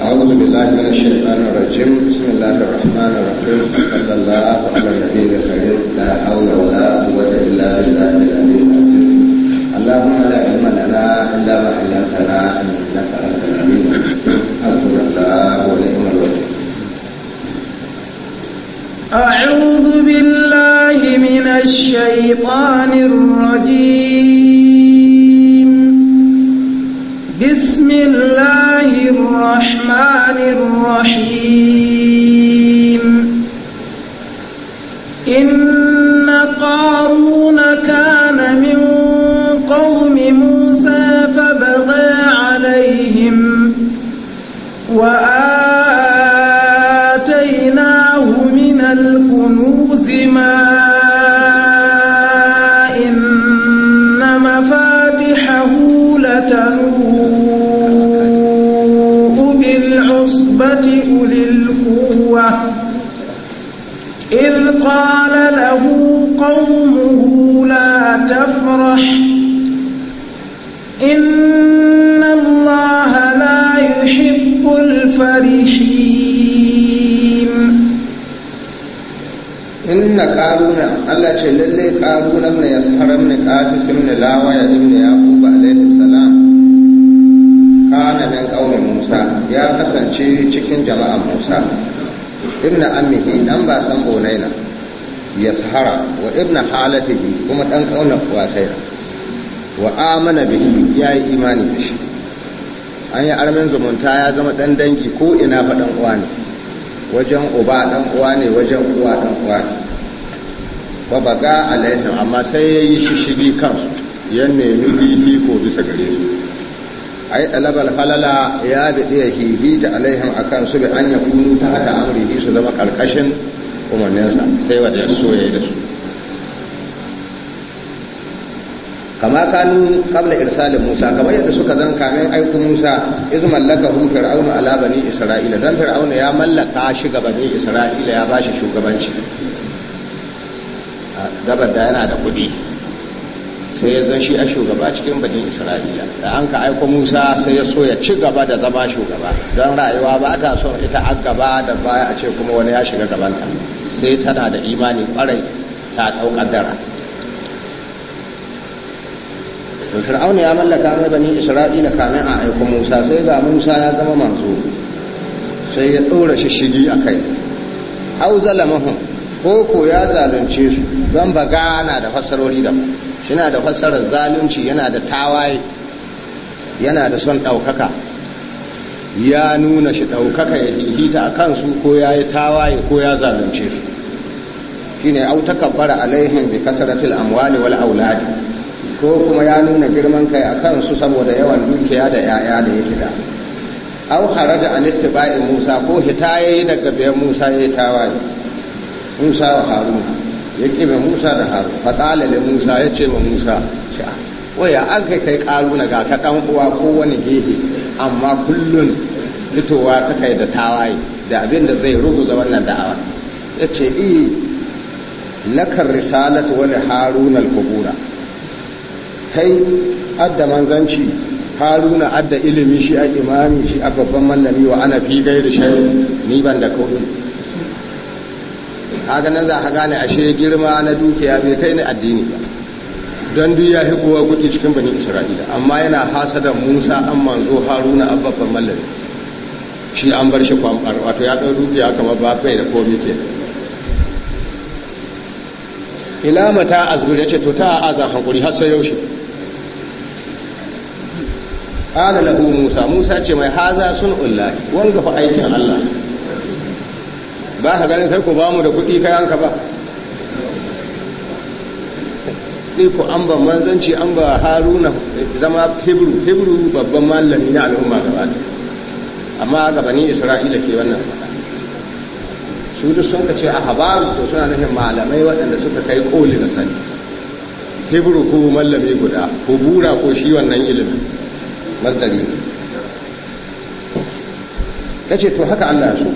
أعوذ بالله من الشيطان الرجيم بسم الله الرحمن الرحيم صلى الله على النبي الكريم لا حول ولا قوة إلا بالله العلي العظيم اللهم لا علم لنا إلا ما علمتنا إنك أنت العليم الحمد لله ونعم الوكيل أعوذ بالله من الشيطان الرجيم بسم الله الرحمن الرحيم إن قال له قومه لا تفرح إن الله لا يحب الفرحين إن قارون الله للي قارون من يسحر من قاتس من لاوى ابن يعقوب عليه السلام كان من قوم موسى يا كسن cikin jama'an Musa ibn ammihi dan ba san bonaina yashara wa ibn halatihi kuma dan kauna kwatai wa amana bihi ya yi imani da shi an yi armin zumunta ya zama dan dangi ko ina fa dan uwa ne wajen uba dan uwa ne wajen uwa dan uwa ne ba ga alaihim amma sai ya yi shishigi kansu ya nemi ko bisa gare su ai talabal falala ya bi iya hihi ta alaihim akan su bi an yakunu ta hata amri su zama karkashin umarninsa sai wajen so ya da su kama kanu kabla irsalin musa kama yadda suka zan kamin aiku musa iz mallaka hu fir'aunu ala bani isra'ila dan fir'aunu ya mallaka shi ga bani isra'ila ya bashi shugabanci gabar da yana da kuɗi sai ya zan shi a shugaba cikin bani isra'ila da an ka aiko musa sai ya so ya ci gaba da zama shugaba don rayuwa ba ta son ita a gaba da baya a ce kuma wani ya shiga gabanta sai tana da imani kwarai ta ɗau ƙaddara fir'auna ya mallaka mai bani isra'ila kamin a aiko musa sai ga musa ya zama manzo sai ya ɗora shishigi a kai au zalamahum ko ko ya zalunce su don baga na da fassarori da shi na da fassarar zalunci yana da tawaye yana da son ɗaukaka ya nuna shi ɗaukaka ya hihita a kansu ko ya yi tawaye ko ya zalunce su ne au takabbara alaihim bi kasratil amwali wal auladi ko kuma ya nuna girman kai a kansu saboda yawan dukiya da yaya da yake da au a an ittiba'i musa ko hita yi daga bayan musa ya tawaye musa wa haruna ya kibe musa da Haru. fa qala musa ya ce wa musa waya an kai kai karuna ga ka dan uwa ko wani gehe amma kullun fitowa ta kai da tawaye da abin da zai ruguza wannan da'awa ya ce iya lakar risalatu wani haruna al kai adda manzanci haruna adda ilimi shi a imami shi a babban mallami wa ana fi gairi shayi ni ban da komi haganan za ka gane ashe girma na dukiya bai kai ni addini ba don duk ya fi kowa kuɗi cikin bani isra'ila amma yana hasada musa an manzo haruna abubakar mallari shi an bar shi kwamfar wato ya ɗau dukiya kamar ba bai da komi ke ila mata azgur ya ce to ta azan hankuri har sai yaushe qala lahu musa musa ce mai haza sun ullahi wanga fa aikin allah ba ka ganin karko ko ba mu da kuɗi kai ka ba sai ku an ba manzanci an ba haruna zama hebrew hebrew babban malami na al'umma gaba amma gabanin isra'ila ke wannan su duk sun ka ce a habaru to suna nufin malamai waɗanda suka kai koli da sani hebrew ko mallami guda ko bura ko shi wannan ilimin mazdari ta ce to haka allah su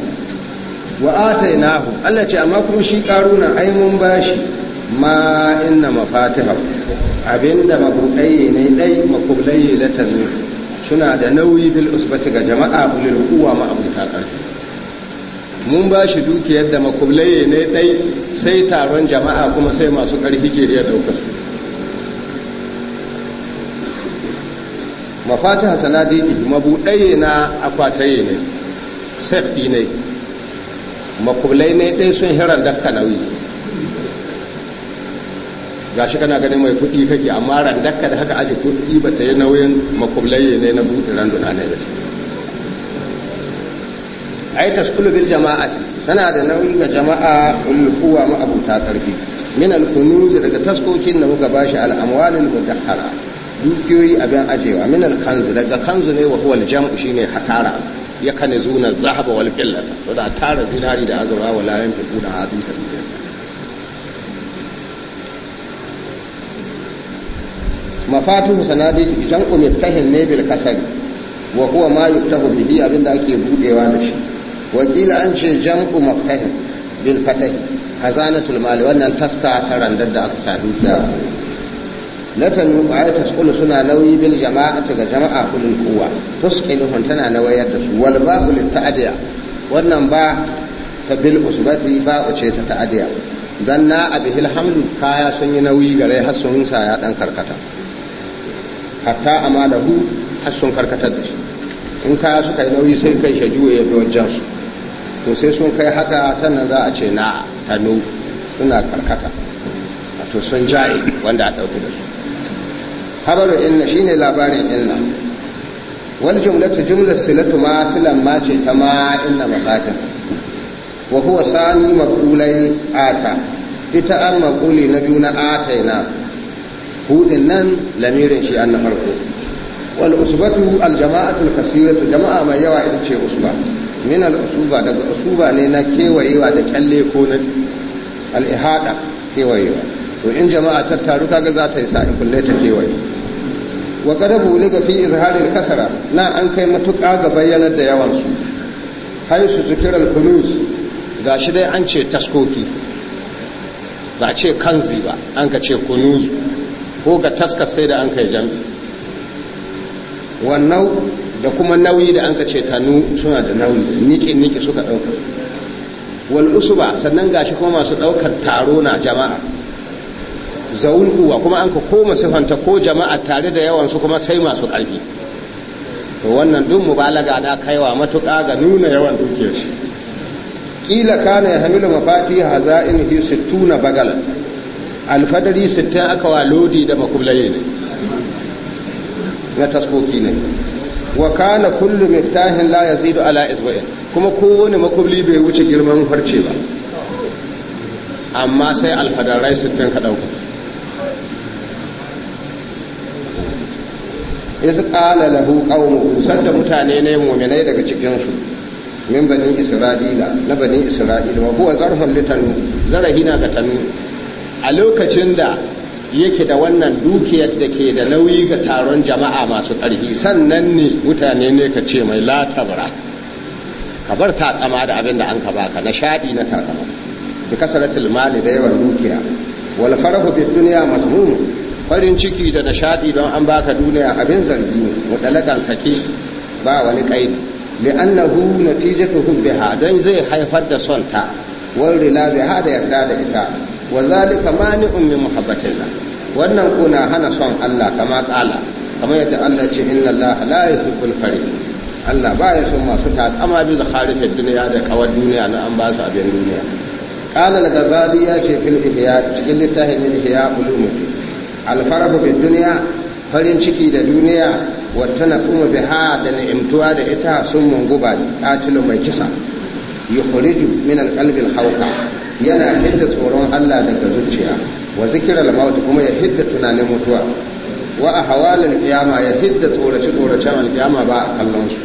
wa atainahu allah ce amma kuma shi karuna ai mun bashi ma inna mafatiha abinda mabuɗaye ne ɗai da tanu suna da nauyi bil usbati ga jama'a ulil kuwa ma'abuta ƙarfi mun ba shi dukiyar da makullaye ne dai sai taron jama'a kuma sai masu ƙarfi ke iya ɗaukar mafatiha sanadiɗi mabuɗaye na akwataye ne sef ne makullai ne dai sun hirar dakka nauyi gashi kana ganin mai kuɗi kake amma randakka da haka aje kuɗi ba ta yi nauyin makullaye ne na buɗe randuna ne ba ai taskulu bil jama'ati tana da nauyi ga jama'a kuwa ma abuta karfi min al daga taskokin da muka bashi al amwal al mudahhara dukiyoyi abin ajewa min al kanz daga kanzu ne wa huwa al jam'u shine hatara ya zuna zahaba wal fillata to da tara zinari da azura wala yanfiquna hadisa mafatuhu jan idan umiftahin ne bil kasari wa huwa ma yuktahu bihi abinda ake budewa da shi kila an ce jam'u maftahin bil fatah hazanatul mali wannan taska ta randar da aka sadu sa dukiya latan ay tasqulu suna nauyi bil jama'ati ga jama'a kulul quwwa tusqiluhum tana nawayar da su wal babu lit ta'diya wannan ba ta bil usbati ba ce ta ta'diya dan na abihil hamdu kaya sun yi nauyi gare har sun sa ya dan karkata hatta malahu har sun karkatar da shi in kaya suka yi nauyi sai kai shi juye ya bi wajen su to sai sun kai haka sannan za a ce na tanu suna karkata to sun jaye wanda a ɗauki da su habarin inna shine labarin inna wal jumlatu jumlar silatu ma silan ma ce ta ma inna mafatin wa huwa sani maƙulai ata ita an maquli na biyu na yana hudin nan lamirin shi an na farko wal usbatu al jama'atu al kasiratu jama'a mai yawa ita ce usba min al usuba daga usuba ne na kewayewa da kyalle ko na al ihada kewayewa to in jama'a ta taru kaga za ta yi sa'i kulle ta kewaye wa qadabu ga fi izhari al kasara na an kai matuƙa ga bayyanar da yawan su su zikir al kunuz gashi dai an ce taskoki ba ce kanzi ba an ka ce kunuzu ko ga taskar sai da an kai jami wannan da kuma nauyi da an ka ce tanu suna da nauyi niki-niki suka ɗauka wal usuba sannan gashi kuma masu ɗaukar taro na jama'a zaun kuwa kuma an ka koma sifanta ko jama'a tare da yawan su kuma sai masu ƙarfi to wannan duk mubalaga da kaiwa matuƙa ga nuna yawan dukiyar shi kila kana ya hamilu mafati haza'in hi sittuna bagalan alfadari sittin aka wa lodi da makullaye ne na taskoki ne wa kana kullu miftahin la yazidu ala isba'in kuma kowane makulli bai wuce girman farce ba amma sai alfadarai sittin ka dauka iz qala lahu kusan sadda mutane ne mu'minai daga cikin su min banin isra'ila na banin isra'ila wa huwa zarhun litanu zarahina ga tanu a lokacin da yake da wannan dukiyar da ke da nauyi ga taron jama'a masu ƙarfi sannan ne mutane ne ka ce mai latabra ka bar takama da abin da an ka baka na shaɗi na takama bi kasaratul mali da yawan dukiya wal farahu bid dunya mazmum farin ciki da nishadi don an baka duniya abin zargi ne mutalakan sake ba wani kaidi li'annahu natijatu hubbiha don zai haifar da son ta wal rila biha da yarda da ita wa zalika ummi muhabbatin muhabbatillah wannan kuna hana son Allah kama kala kamar yadda Allah ce inna Allah la yuhibbul fari. Allah ba ya son masu takama bi zakharifid duniya da kawar duniya na an ba su abin duniya qala daga ghazali ya ce fil ihya cikin littafin ihya ulumuddin al-farahu bid farin ciki da duniya wata na kuma biha da ni'imtuwa da ita sun munguba katilun mai kisa yukhriju min al hauka. yana hidda tsoron Allah daga zuciya wa zikiral maut kuma ya hidda tunanin mutuwa wa a hawalin kiyama ya hidda tsorace tsoracen alkiyama ba a kallon su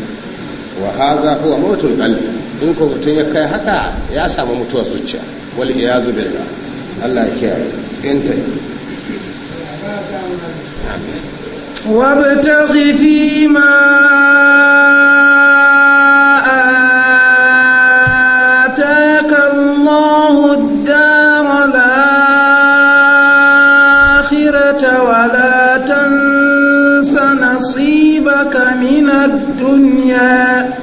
wa haza huwa mautul qalbi in ko mutum ya kai haka ya samu mutuwar zuciya wal iyazu billah Allah ya kiyaye in ta وابتغ ma. الله الدار الآخرة ولا تنس نصيبك من الدنيا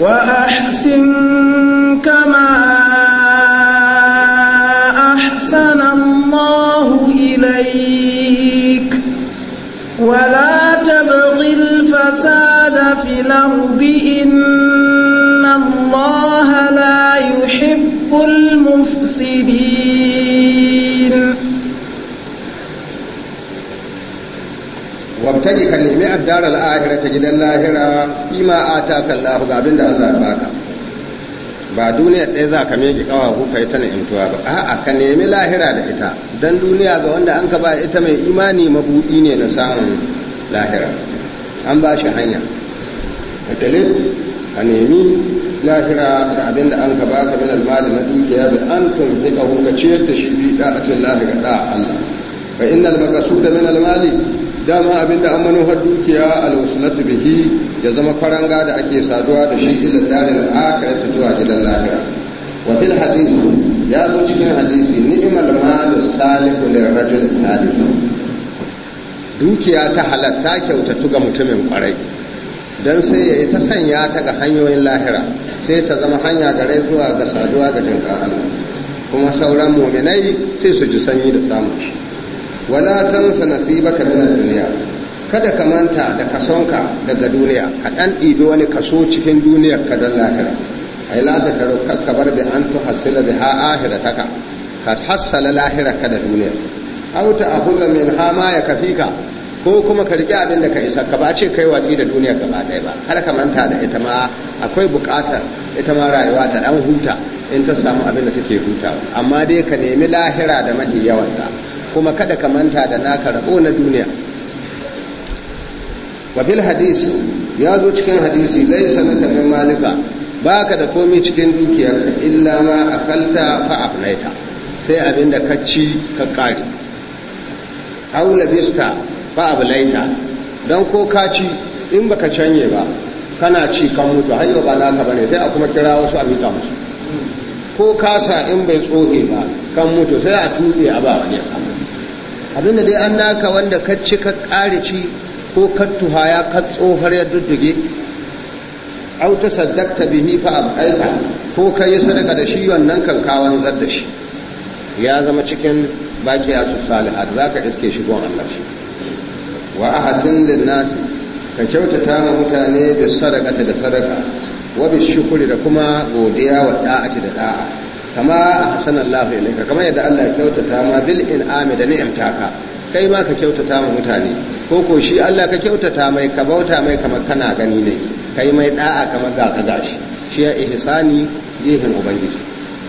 وأحسن كما أحسن الله إليك ولا تبغ الفساد في الأرض إن الله يحب المفسدين ka nemi addar al'ahira ta gidan lahira ima ta kallahu ga abin da Allah ya baka ba duniya ɗaya za ka miƙe ƙawa ko kai ta na'imtuwa ba a'a ka nemi lahira da ita don duniya ga wanda an ka ba ita mai imani mabuɗi ne na samun lahira an ba shi hanya ka ka nemi lahira da abin da an ka minal min na dukiya da an tunfika ka ciyar da shi bi da'atin lahi ga da'a Allah fa innal da min mali dama abin da an manuhar dukiya alwaslatu bihi ya zama faranga da ake saduwa da shi ila dalil akhirati zuwa gidan lahira wa fil hadith ya zo cikin hadisi ni'mal mali salihu lirajul salih dukiya ta halatta kyautatu ga mutumin kwarai don sai ya yi ta sanya ta ga hanyoyin lahira sai ta zama hanya gare zuwa ga saduwa da jin kuma sauran muminai sai su ji sanyi da samun shi wala nasiba ka min duniya kada ka manta da kasonka daga duniya ka ɗan ɗibi wani kaso cikin duniya ka don lahira A la ta karo ka bar da an tuhassila biha ka hassala da duniya Auta a hula min ha ma ka. ko kuma ka riƙe abin da ka isa ka ba ce kai watsi da duniya gaba ɗaya ba har ka manta da ita ma akwai buƙatar ita ma rayuwa ta ɗan huta in ta samu abin da take hutawa amma dai ka nemi lahira da mahi yawanta kuma kada ka manta da naka rabo na duniya wa hadis ya zo cikin hadisi lai laka min malika baka da komi cikin dukiyarka illa ma akalta fa afnaita sai abin da ka ci ka kare aula bista Ba abu laita don ko ka ci in baka canye ba kana ci kan mutu har ba ba naka bane sai a kuma kira wasu a mita musu ko kasa in bai tsohe ba kan mutu sai a tube a ba wani ya samu da dai an naka wanda ka ci ka ƙare ci ko ka ya ka tsohar ya dudduge au ta saddakta bihi fa abaita ko ka yi sadaka da shi wannan kan kawan da shi ya zama cikin baki a za ka iske shi gwan Allah shi wa ahsin lin nas ka kyautata ma mutane da sadaqata da sadaqa wa bi shukuri da kuma godiya wa ta'ati da da'a kama ahsana Allah ilayka kama yadda Allah ya kyautata ma bil in'ami da ka kai ma ka kyautata ma mutane ko ko shi Allah ka kyautata mai ka bauta mai kamar kana gani ne kai mai da'a kamar ga ka gashi shi ya ihsani gehen ubangiji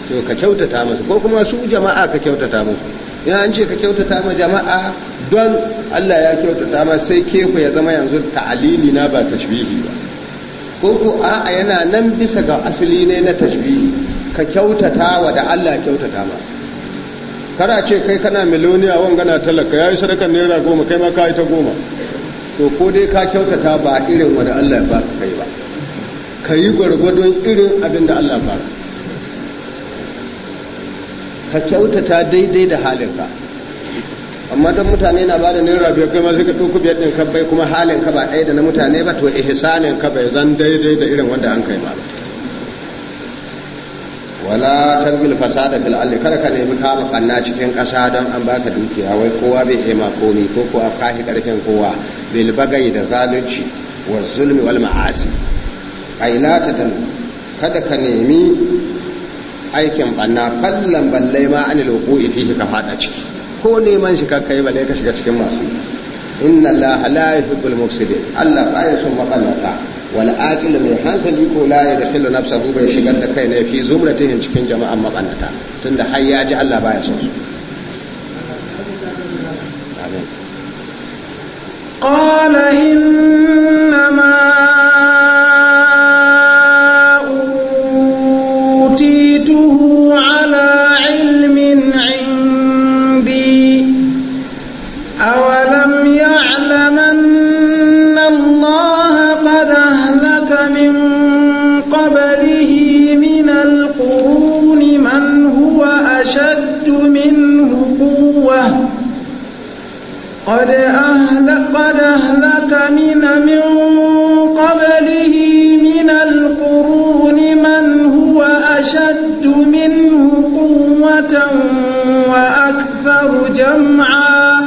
to ka kyautata musu ko kuma su jama'a ka kyautata musu ya an ce ka kyautata ma jama'a don Allah ya kyautata ma sai kefu ya zama yanzu ta'alili na ba tashbihi ba ko ko a yana nan bisa ga asali ne na tashbihi ka kyautata wa da Allah kyautata ma kana ce kai kana miliyoniya wanga na talaka yayi sadakar naira goma kai ma ka yi ta goma to ko dai ka kyautata ba irin wanda Allah ya baka kai ba ka yi gwargwadon irin abin da Allah baka ka kyautata daidai da halinka amma don mutane na bada naira biyar kai ma sai ka ɗauki biyar ɗin ka bai kuma halin ka ba ɗaya da na mutane ba to ihsanin ka bai zan daidai da irin wanda an kai ba wala tarbil fasada fil alli kada ka nemi kama kanna cikin ƙasa don an baka dukiya wai kowa bai hema komi ko ko ka kahi karfin kowa bil bagai da zalunci wa zulmi wal ma'asi ta dan kada ka nemi aikin banna fallan ballai ma anil wuqu'i fihi ka fada ciki ko neman shi kakkai ba ka shiga cikin masu inna allaha la yuhibbul mufsidin allah ba ya son makallata wal aqil mai hankali ko la dakhilu nafsahu bai shigar da kai ne fi zumratihin cikin jama'an makallata tunda har ya ji allah ba ya son su قال إنما أمم من قبله من القرون من هو أشد منه قوة وأكثر جمعا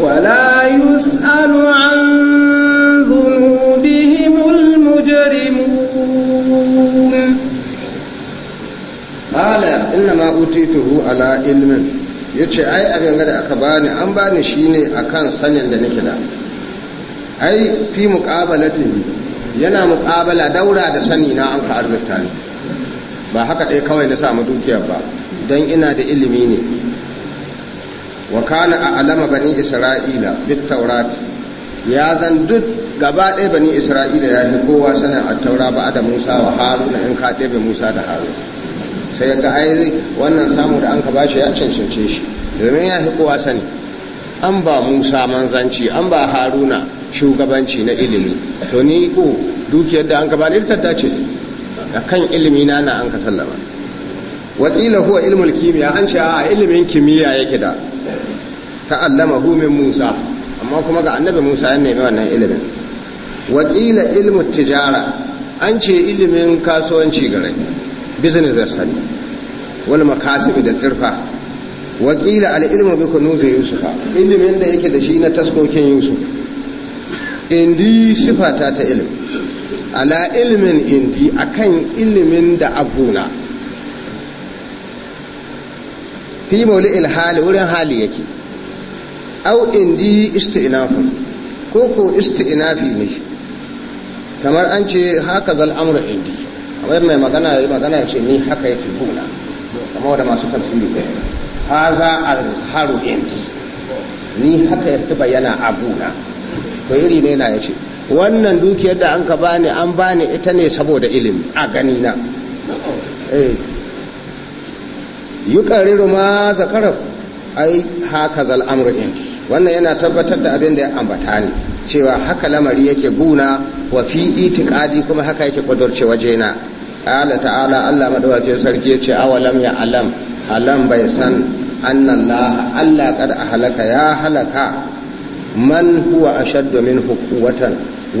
ولا يسأل عن ذنوبهم المجرمون قال إنما أوتيته على علم yace ai abin da aka bani an bani shine akan sanin da nake da ai fi muqabalatin yana muqabala daura da sani na an ka arzikta ni ba haka ɗaya kawai na samu dukiyar ba don ina da ilimi ne wa kana a alama bani isra'ila bit taurat ya zan duk gaba ɗaya bani isra'ila ya fi kowa sanin a taura ba da musa wa haruna in ka ɗebe musa da haruna sai ga ai wannan samu da an ka bashi ya cancance shi domin ya fi kowa sani an ba musa manzanci an ba haruna shugabanci na ilimi to ni ko dukiyar da an ka bani ta dace da kan ilimi na na an ka sallama wakila huwa ilmul kimiyya an ce a ilimin kimiyya yake da ta allama min musa amma kuma ga annabi musa ya nemi wannan ilimin wakila ilmul tijara an ce ilimin kasuwanci gare business da sani wal makasibi da tsirfa wakila al ilmu bi kunuzi yusufa ilimin da yake da shi na taskokin yusuf indi sifata ta ilim ala ilimin indi akan ilimin da abuna fi mauli ilhali wurin hali yake au indi isti'nafun ko ko isti'nafi ne kamar an ce haka zal amru indi kamar mai magana ya magana ce ni haka yake buna kamar da masu tafsiri haza al haru indi ni haka yake bayyana abuna to iri ne na ya ce wannan dukiyar da an ka bani an bani ita ne saboda ilimi a gani na eh. yi ƙariru ma zakarar ai haka zal'amur amur'in wannan yana tabbatar da abin da ya ambata ne cewa haka lamari yake guna wa fi itikadi kuma haka yake waje na ala ta'ala Allah madawakin sarki ya ce awalam ya alam alam bai san annan Allah a halaka ya halaka man huwa ashaddu minhu quwwatan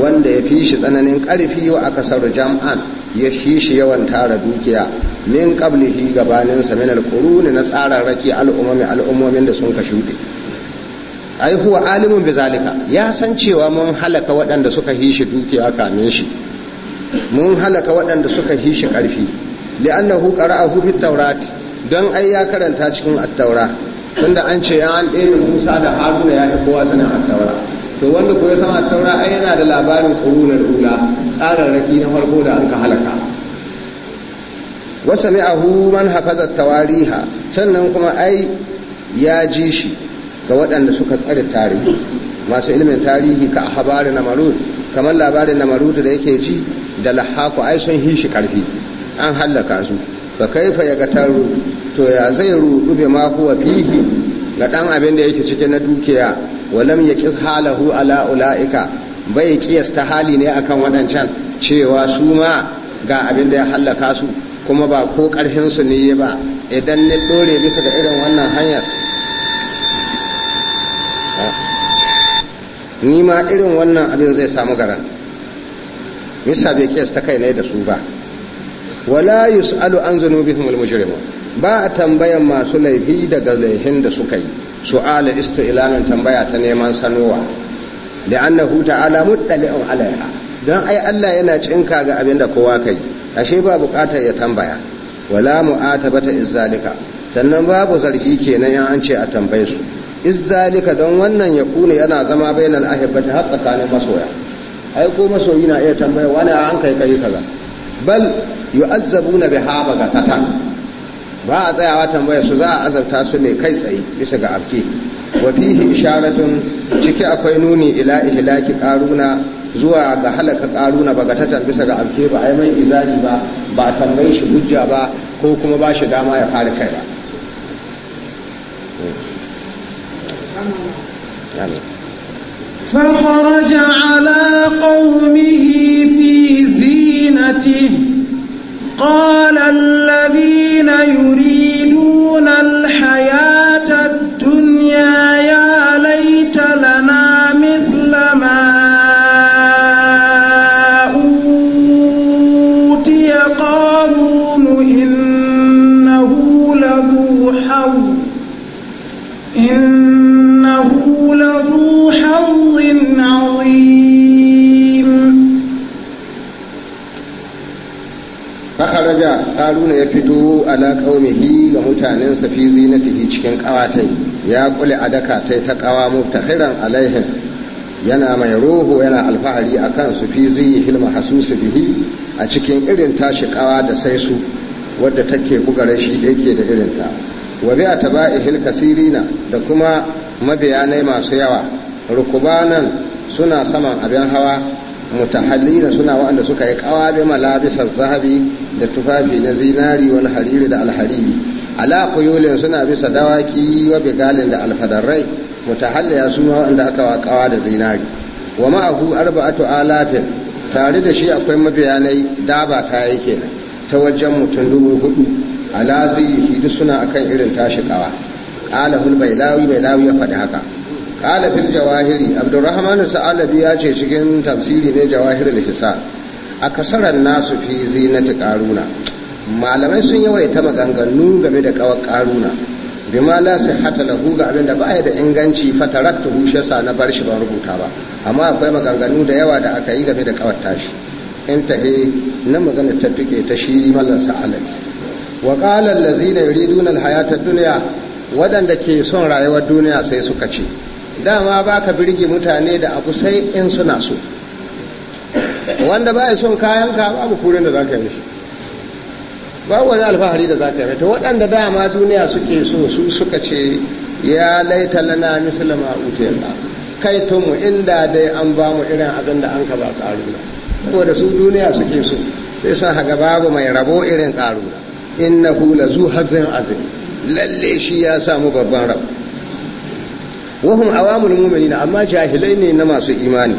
wanda ya fi shi tsananin karfi wa aka jam'an ya shi shi yawan tara dukiya min qablihi gabanin sa min alquruni na tsararraki al'umami al'umomin da sun ka shuɗe ai huwa alimun bizalika ya san cewa mun halaka waɗanda suka hi shi dukiya kamin shi mun halaka waɗanda suka hi shi ƙarfi li'annahu qara'ahu fit tawrat don ai ya karanta cikin at-taura tunda an ce an ɗaya musa da haruna ya fi kowa sanin attaura to wanda ko ya san attaura ai yana da labarin kurunar ula tsararraki na farko da an ka halaka wasa ahu man hafaza tawariha sannan kuma ai ya ji shi ga waɗanda suka tsare tarihi masu ilimin tarihi ka habari na marud kamar labarin na marud da yake ji da lahaku ai sun hishi karfi an hallaka su fa kaifa yagataru to ya zai rudu ma huwa fihi ga ɗan abin da yake cike na dukiya walam yaqis halahu ala ulaika bai ƙiyasta hali ne akan wadancan cewa su ma ga abin da ya hallaka su kuma ba ko karfin su ne ba idan ne bisa ga irin wannan hanyar ni ma irin wannan abin zai samu garan misa bai kiyasta kai ne da su ba wala yus'alu an zunubihim al-mujrimun ba a tambayan masu laifi daga laifin da suka yi su'ala isti'lanan tambaya ta neman sanowa da annahu ta'ala muttali'un alaiha don ai Allah yana cinka ga abin da kowa kai ashe ba bukatar ya tambaya wala mu'atabata Izalika. sannan babu zargi kenan in an ce a tambaye su Izalika don wannan ya kuna yana zama bainal ahibbati har tsakanin masoya ai ko masoyi na iya tambaya wani an kai kai kaza bal na yu'azzabuna ga bagatatan ba a tsayawa tambayar su za a azarta su ne kai tsaye bisa ga abki wa fihi isharatun ciki akwai nuni ila ihlaki karuna zuwa ga halaka qaruna bagatatan bisa ga abki ba ai mai izali ba ba tambaye shi hujja ba ko kuma ba shi dama ya fara kai ba فخرج على قومه في زينته قال الذين يريدون haruna ya fito ala qaumihi ga mutanen sa fi zinatihi cikin kawatai ya kule adaka tai ta kawa muftakhiran alaihin yana mai roho yana alfahari akan su fi zihil mahsus bihi a cikin irin tashi kawa da sai su wadda take buga shi da yake da irin ta wa bi ataba'ihil kasirina da kuma mabiyanai masu yawa rukubanan suna saman abin hawa mutahallina suna waɗanda suka yi kawa bi malabisar zahabi da tufafi na zinari wal hariri da alhariri ala khuyulin suna bisa dawaki wa bigalin da alfadarrai mutahalliya su ma waɗanda aka wa kawa da zinari wa ma'ahu arba'atu alafin tare da shi akwai mabiyanai daba ta yi ta wajen mutum dubu hudu ala zai duk suna akan irin tashi kawa qala hul bailawi bailawi ya faɗi haka qala fil jawahiri abdurrahman sa'alabi ya ce cikin tafsiri ne jawahirul hisa a kasaran nasu fi zinati qaruna malamai sun yawaita maganganu game da kawar karuna bima la sihhata lahu ga abinda ba ya da inganci fataraktu hushasa na bar shi ban rubuta ba amma akwai maganganu da yawa da aka yi game da kawar tashi in tahe na magana ta tuke ta shi mallan sa'alabi wa qala allazina yuriduna alhayata dunya wadanda ke son rayuwar duniya sai suka ce dama ba ka birge mutane da abu sai in suna so wanda ba son son kayanka babu kurin da za ka mishi babu wani alfahari da za ka yi ta waɗanda dama duniya suke so su suka ce ya laita lana misalama utiyalla kai tumu inda dai an ba mu irin abin da an ka ba ƙaruna saboda su duniya suke so sai sun haga babu mai rabo irin ƙaruna innahu la zu hazin azim lalle shi ya samu babban rabo wahum awamul mu'minin amma jahilai ne na masu imani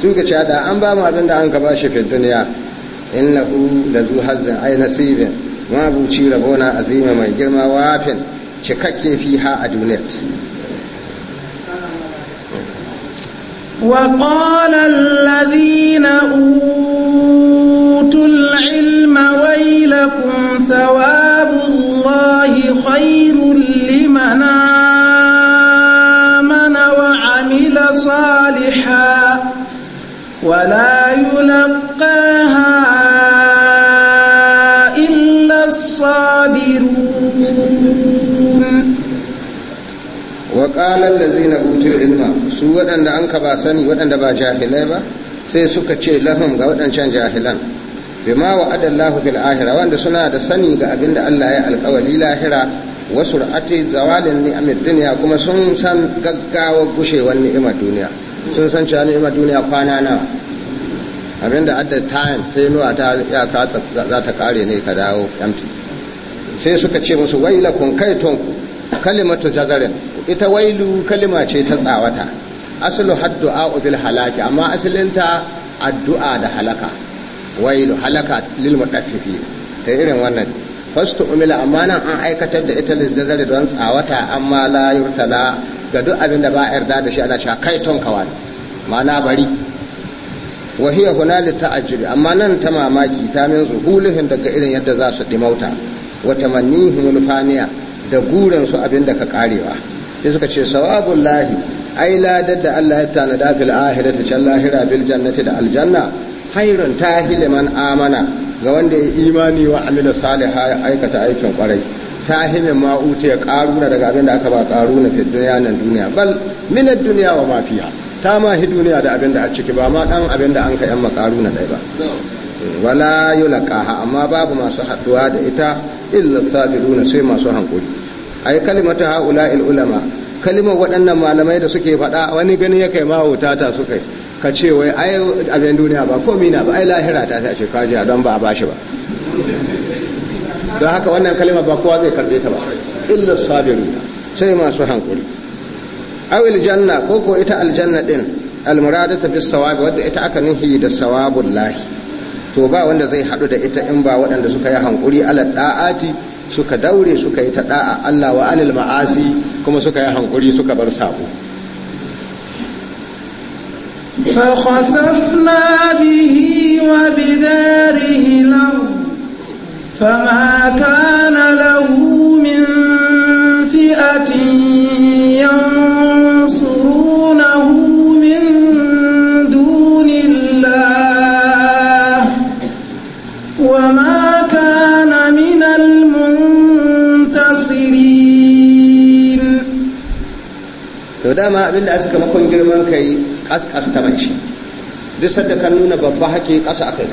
sun ka da an ba mu abin da an ka ba shi fi duniya innahu zu hazzin ay nasibin ma ci rabona azima mai girma wafin cikakke ha a duniya وقال الذين أوتوا العلم ويلكم ثواب الله خير لمن صالحا ولا يلقاها إلا الصابرون وقال الذين أوتوا العلم su waɗanda an ka ba sani waɗanda ba jahilai ba sai suka ce lahum ga waɗancan jahilan bima wa adallahu bil ahira wanda suna da sani ga abinda Allah ya alƙawali lahira Wasu ra'ati zawalin ni'amid duniya kuma sun san gaggawa gushewar ni'imar duniya sun san cewa ni'imar duniya kwana nawa abinda at the time ta nuwa ta iyaka za ta kare ne ka dawo yamti. sai suka ce musu wailakun tun kalimatu jazarin ita wailu kalima ce ta tsawata asalu a bil halaki amma asalinta addu'a da halaka wailu halaka lil mudaffifi ta irin wannan fasta umila amma nan an aikatar da ita lizzazari don tsawata amma la yurtala ga duk abin da ba a yarda da shi ana cewa kai ton kawa ne ma'ana bari wahiya hunalika ta'ajjubi amma nan ta mamaki ta min zuhulihin daga irin yadda za su dimauta wa tamannihim da guren su abin da ka karewa sai suka ce sawabullahi ai ladar da Allah ya tanada fil ahirati can lahira bil jannati da aljanna hayrun man amana ga wanda ya imani wa amina saliha ya aikata aikin kwarai ta himin ma ya karuna daga abin da aka ba karuna fi duniya nan duniya bal minar duniya wa mafiya ta ma hi duniya da abin da a ciki ba ma dan abin da an ka yamma karuna dai ba wala yulqaha amma babu masu haduwa da ita illa sabiruna sai masu hankuri ai kalimata haula ulama kalimar waɗannan malamai da suke faɗa wani gani ya kai ma wuta ta su kai ka ce wai ai abin duniya ba komi na ba ai lahira ta ce kaji a don ba a bashi ba don haka wannan kalima ba kowa zai karbe ta ba illa sabiru sai masu hankuri awil janna ko ko ita aljanna din ta bis sawabi wadda ita aka nuhi da sawabul lahi to ba wanda zai hadu da ita in ba waɗanda suka yi hankuri ala da'ati suka daure suka yi ta da'a Allah wa anil ma'asi kuma suka yi hankuri suka bar sabo فخسفنا به وبداره الأرض فما كان له من فئة ينصرونه من دون الله وما كان من المنتصرين kaskasta shi duk sadda kan nuna babba haƙi ƙasa akai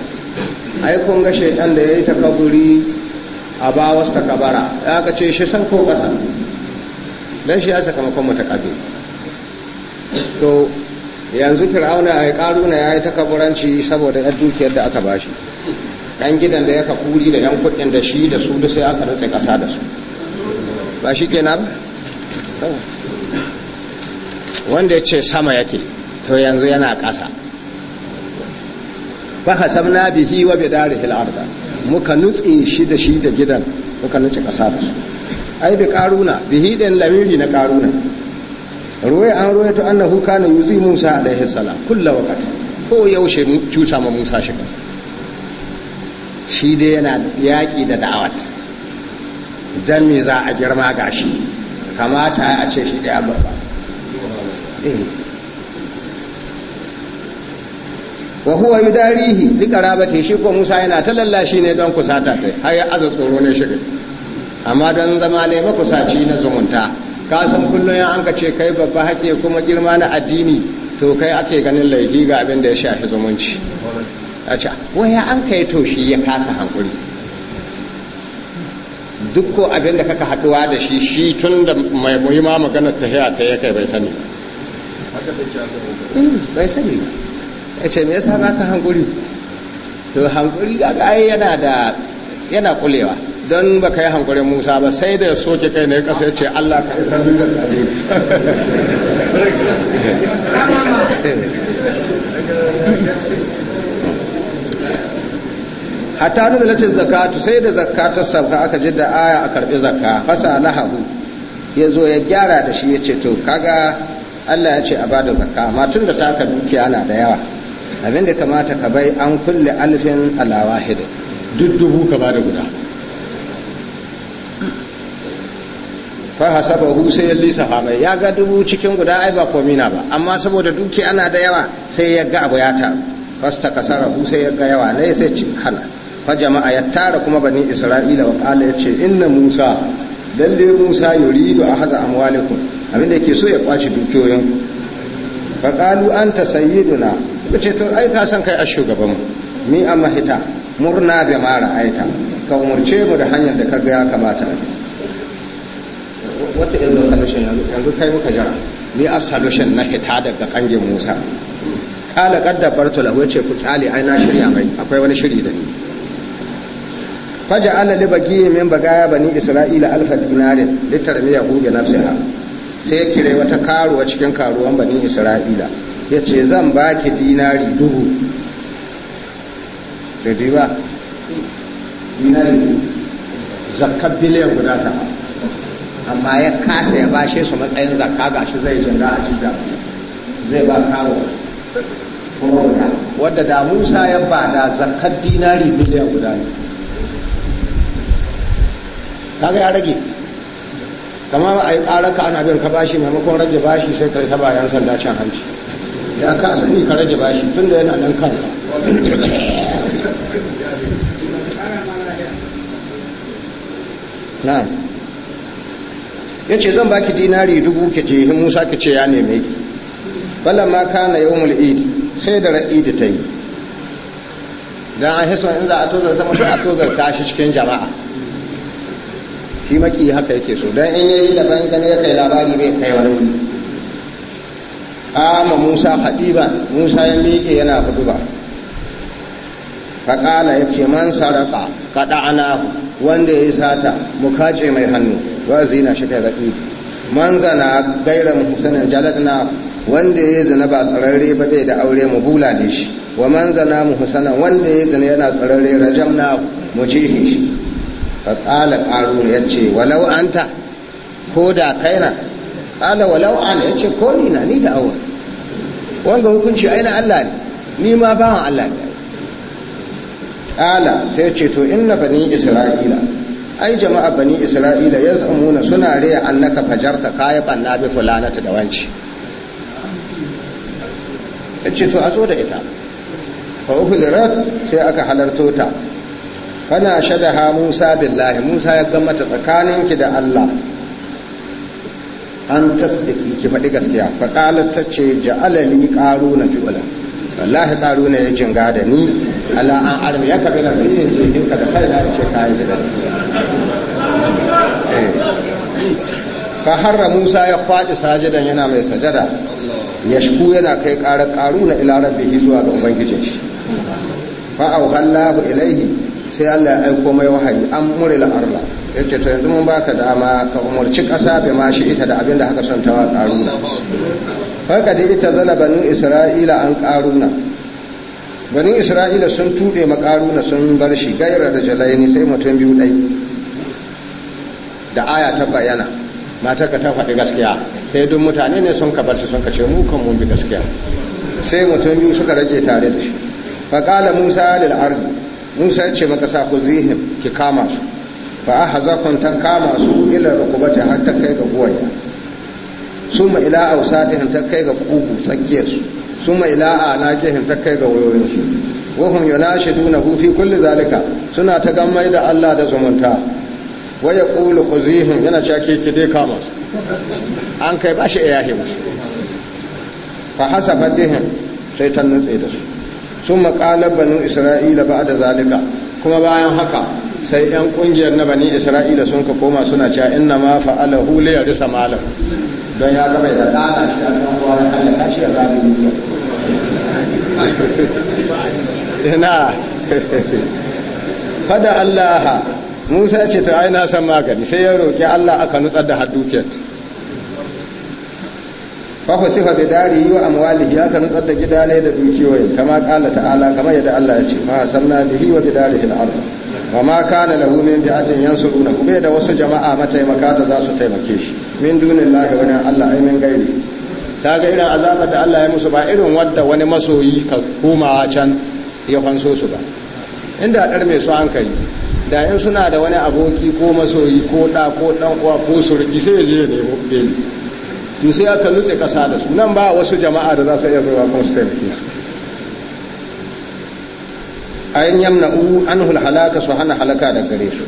ai kun ga shaidan da yayi takaburi a ba wasu takabara ya ka ce shi san ko ƙasa dan shi ya sakamakon mutakabi to yanzu fir'auna ya karuna ya yi takaburanci saboda yan dukiyar da aka bashi dan gidan da ya ka kuri da yan kuɗin da shi da su da sai aka rantsa ƙasa da su ba shi kenan wanda ya ce sama yake to yanzu yana ƙasa fahasamna bihi wa bidarihi al-arda muka nutsi shi da shi da gidan muka nutsi ƙasa da su ai bi karuna bihi ɗin lamiri na karuna ruwaya an ruwaya to annahu kana yuzi musa alaihi salam kullu waqt ko yaushe cuta ma musa shi shi dai yana yaƙi da da'awat dan me za a girma gashi kamata a ce shi ɗaya babba eh wa huwa yudarihi li qarabati shi ko Musa yana ta lallashi ne don kusata kai har ya aza tsoro ne shiga amma don zama ne makusaci na zumunta ka san kullum ya an ce kai babba hake kuma girma na addini to kai ake ganin laifi ga abin da ya shafi zumunci a waya an kai to shi ya kasa hankuri duk ko abin da kaka haduwa da shi shi tun da mai muhimma maganar tahiya ta ya kai bai sani hmm, bai sani ya ce me yasa ba ka hankuri to hankuri ga ai yana da yana kulewa don ba ka yi hankurin musa ba sai da soke kai ne kasa ya ce allah ka isa duk hatta da latin zakatu sai da zakatar sabka aka ji da aya a karbi zakka fasa lahabu ya zo ya gyara da shi ya ce to kaga allah ya ce a bada zakka matun da taka dukiya na da yawa abin da kamata ka bai an kulle alfin alawa hidu duk dubu ka ba da guda fa hasaba hu sai ya lisa ya ga dubu cikin guda ai ba komina ba amma saboda duki ana da yawa sai ya ga abu ya taru fasta kasara hu sai ya ga yawa ne sai ci hana fa jama'a ya tara kuma bani isra'ila wa qala yace inna musa lalle musa yuridu ahaza amwalikum abinda yake so ya kwace dukiyoyin fa qalu anta sayyiduna suka ce to ai ka san kai a shugaban mi an mahita murna da mara aita ka umarce mu da hanyar da ka ga ya kamata wata irin solution yanzu kai muka jira ni a solution na hita daga kangin musa kala kadda bartula ce ku kyale ai na shirya mai akwai wani shiri da ni faja ala libagi min bagaya bani isra'ila alfa dinarin litarmiya hu bi nafsiha sai ya kire wata karuwa cikin karuwan bani isra'ila ya ce zan ba ki dinari dubu da ba dinari zakka biliyan guda ta amma ya kasa ya bashe su matsayin zakka ga shi zai jira a jida zai ba kawo wadda da musa ya ba da zakkar dinari biliyan guda ne kaga ya rage kama a yi ƙararka ana bin ka bashi maimakon rage bashi sai ka ta bayan sanda can hanci ya ka asali ka rage bashi tun da yana nan kanka na'am ya ce zan baki dinari dubu ke jihin musa ka ce ya neme ki ma na yawmul idi sai da idi ta yi don an hison inda a tozar ta mutu a tozar ta shi cikin jama'a shi maki haka yake so don in yayi daban gani ya kai labari bai kai wani wuri kama musa haɗiba musa ya miƙe yana hudu ba faƙala ya ce man saraka kaɗa ana wanda ya yi sata mu kace mai hannu wa zina shi kai zaƙi man zana gaira muhsanin jaladna wanda ya yi zina ba tsararre ba da aure mu bula ne shi wa man zana sanin wanda ya yi zina yana tsararre rajamna mu ce shi faƙala ƙaru ya ce walau anta ko da kaina ƙala walau ana ya ce ko ni na ni da awon wanga hukunci aina Allah ne ni ma bawan Allah ne ala sai ce to inna bani isra'ila ai jama'a bani isra'ila ya suna riya annaka fajarta kayi banna bi fulanata da wanci ya ce to a zo da ita fa uhlirat sai aka halarto ta shada ha musa billahi musa ya gammata tsakaninki da Allah an tasdiki ki faɗi gaskiya faƙala ta ce ƙaru na ju'la wallahi na ya jinga da ni ala an arba ya kabe na zai yin in ka da kai na ce yi da ka eh. harra musa ya faɗi sajidan yana mai sajada yashku yana kai na ilarar da rabbihi zuwa ga ubangijin shi fa'au auhallahu ilaihi sai Allah ya aiko mai wahayi an murila arla ya ce to yanzu mun baka dama ka umarci ƙasa bai ma shi ita da abin da haka son ta ƙaruna haka da ita zana banin isra'ila an ƙaruna banin isra'ila sun tuɗe maƙaruna sun bar shi gaira da jalaini sai mutum biyu ɗai da aya ta bayana ka ta faɗi gaskiya sai duk mutane ne sun ka bar shi sun ka ce mu kan mun bi gaskiya sai mutum biyu suka rage tare da shi faƙala musa lil ardi musa ya ce maka sa ku zihim ki kama su fa ahzafun tan kama su ila rukubata har ta kai ga buwaya summa ila awsadihim ta kai ga kugu tsakiyar su summa ila anajihim ta kai ga wayoyin su wa hum yunashidunahu fi kulli zalika suna ta gammai da Allah da zumunta wa yaqulu khuzihim yana cewa ke dai kama su an kai ba shi iyahi musu fa hasafa bihim sai ta nutse da su summa qala banu isra'ila ba'da zalika kuma bayan haka sai yan kungiyar na bani isra'ila sun ka koma suna cewa inna ma fa'ala hu ya yarisa malam don ya gaba da dana shi a kan ruwa Allah ka shi rabi ina fada Allah Musa ce ta aina san magani sai ya roƙi Allah aka nutsar da hadduket fa sifa bi dari wa amwalihi aka nutsar da gidane da dukiyoyi kama kala ta'ala kama yadda Allah ya ce fa sanna bihi wa bi darihi al-ardh wa ma kana lahu min bi'atin yansuruna kuma da wasu jama'a mataimaka da za su taimake shi min dunillahi wani Allah ai min gairi ta ga irin azabar da Allah ya musu ba irin wanda wani masoyi ka komawa can ya fanso su ba inda dar mai su kai da in suna da wani aboki ko masoyi ko da ko dan uwa ko surki sai ya je ya nemo to sai aka nutse kasa da su nan ba wasu jama'a da za su iya zuwa constant an yamna'u anhu halaka su hana halaka da gare su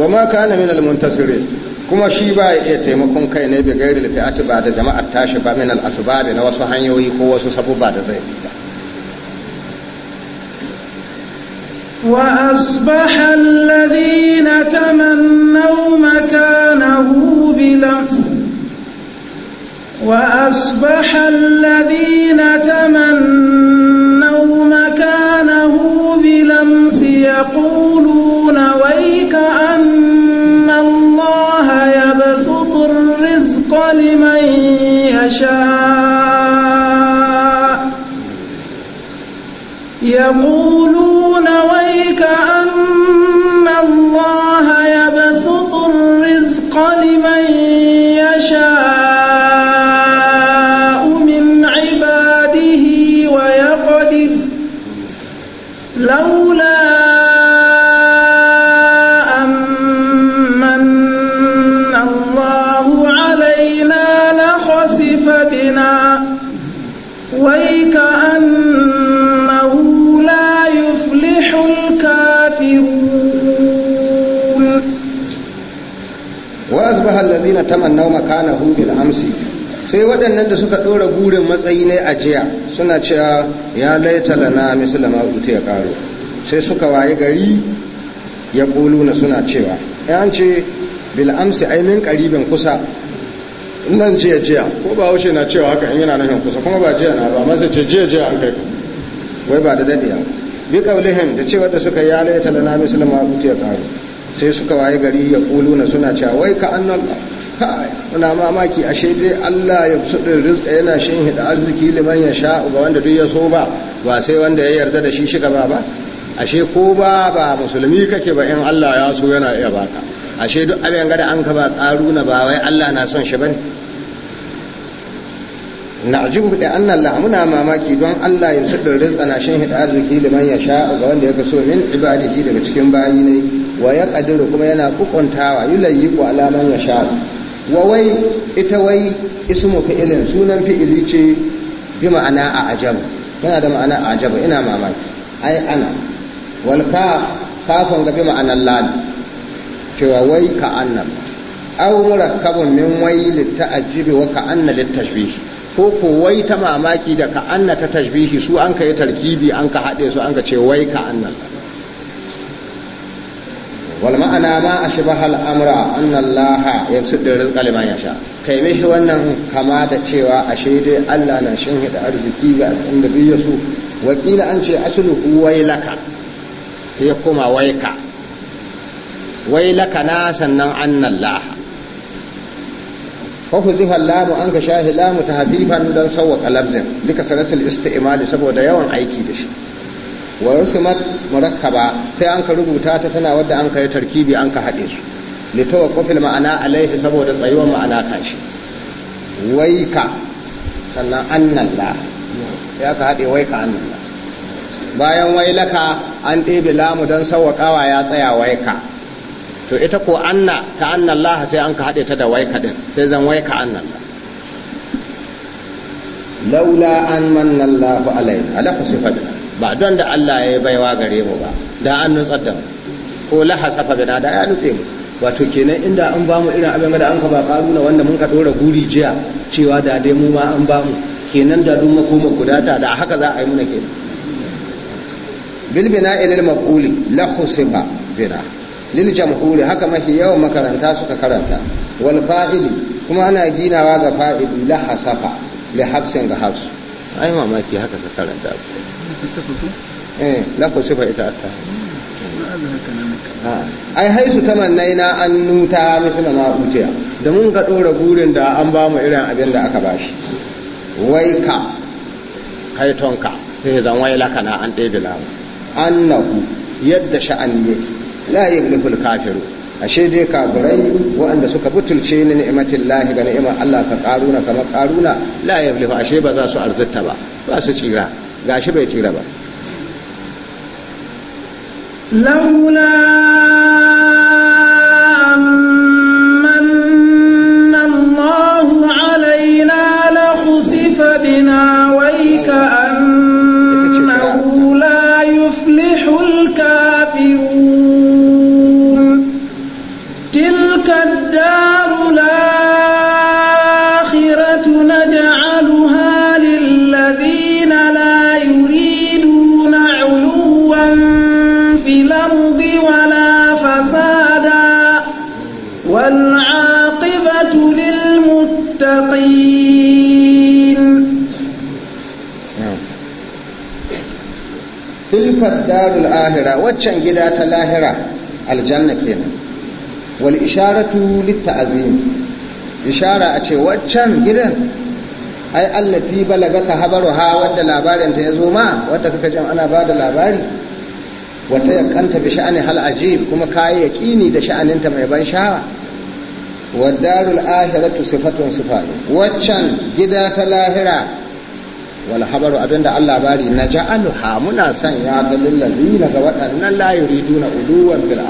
wa ma kana min almuntasirin kuma shi ba ya iya taimakon kai ne bi gairi fi'ati ba da jama'ar tashi ba min al-asbab na wasu hanyoyi ko wasu ba da zai bi وأصبح الذين تمنوا مكانه بلمس وأصبح الذين تمنوا يقولون ويك أن الله يبسط الرزق لمن يشاء يقولون tamannau makanahu bil amsi sai waɗannan da suka ɗora gurin matsayi ne a jiya suna cewa ya laita lana misali ma ya karo sai suka waye gari ya na suna cewa ya ce bil amsi min ƙaribin kusa nan jiya jiya ko ba wuce na cewa haka in yana nan kusa kuma ba jiya na ba masu ce jiya jiya an kai wai ba da daɗiya bi kaulihim da cewa da suka ya laita lana misali ma ya karo sai suka waye gari ya na suna cewa wai ka annallah muna mamaki ashe dai Allah ya fusudin rizqa yana shin hida arziki liman ya sha ga wanda duk ya so ba ba sai wanda ya yarda da shi shiga ba ba ashe ko ba ba musulmi kake ba in Allah ya so yana iya baka ashe duk abin gada an ka ba na ba wai Allah na son shi bane na'jubu da anna Allah muna mamaki don Allah ya sadu rizqa na shin hida arziki liman ya sha ga wanda ya so min ibadihi daga cikin bayi ne wa ya kadiru kuma yana kukuntawa yulayyiqu alaman ya sha Wawai ita wai ismu fi'ilin sunan fi'ili ce bi ma'ana a ajaba yana da ma'ana a ajaba ina mamaki ai ana wal ka kafin ga bi ma'anar ladi cewa wai ka annab aw murakkabun min wai litta'ajibi wa ka anna littashbih ko ko wai ta mamaki da ka anna ta tashbihi su an ka yi tarkibi an ka haɗe su an ka ce wai ka annab walma'ana wal ma'ana ma ashbaha al amra fi Allah yabsudu rizqa liman sha kai mihi wannan kama da cewa ashe dai Allah na hida arziki ga inda biyu su wakila an ce asluhu wailaka ya kuma wai wailaka na sannan lamu an ka اللام ta شاه لام don sauwa kalabzin duka لك isti'imali saboda yawan aiki da shi wa rusumat murakkaba sai an ka rubuta ta tana wadda an ka yi tarkibi an ka haɗe su li tawaqqufil ma'ana alaihi saboda tsayuwar ma'ana kan shi waika sannan annalla ya ka haɗe waika annalla bayan wailaka an ɗebe lamu don sawwakawa ya tsaya waika to ita ko anna ta annallaha sai an ka haɗe ta da waika din sai zan waika annalla laula an manna Allahu alaihi ala fasifadina ba don da Allah ya yi baiwa gare mu ba da an nutsar da mu ko lahasafa bina da ya nutse mu wato kenan inda an ba mu irin abin da an ka ba karuna wanda mun ka dora guri jiya cewa da dai mu ma an ba mu kenan da duk makoma gudata da haka za a yi muna kenan bil bina ilal maquli la husiba bina lil jamhuri haka mafi yawan makaranta suka karanta wal fa'ili kuma ana ginawa ga fa'ili la hasafa li hafsin ga hafsu ai mamaki haka ka karanta eh haisu ku sifa ita atta ah, ai an nuta misla na utiya da mun ga ɗora gurin da an ba mu irin abin da aka shi wai ka kai tonka ne zan wai lakana an ɗebe lamu ku yadda sha'ani yake la yabliful kafiru ashe dai kafirai waɗanda suka butulce ni ni'imatin lahi ga ni'imar Allah ka karuna kamar karuna la yablifu ashe ba za su arzitta ba ba su tsira gashi bai cira ba laula tilkar darul ahira waccan gida ta lahira aljanna kenan wal isharatu litta'zim ishara a ce waccan gidan ai allati balagaka habaruha wanda labarin ta yazo ma wanda kaka jin ana bada labari wata yakanta bi sha'ani hal ajib kuma kai yaqini da sha'anin ta mai ban sha'awa wadarul ahiratu sifatun sifatu waccan gida ta lahira wal habaru abinda Allah bari na ja'aluha muna ya ga lillazina ga waɗannan la na uluwan bil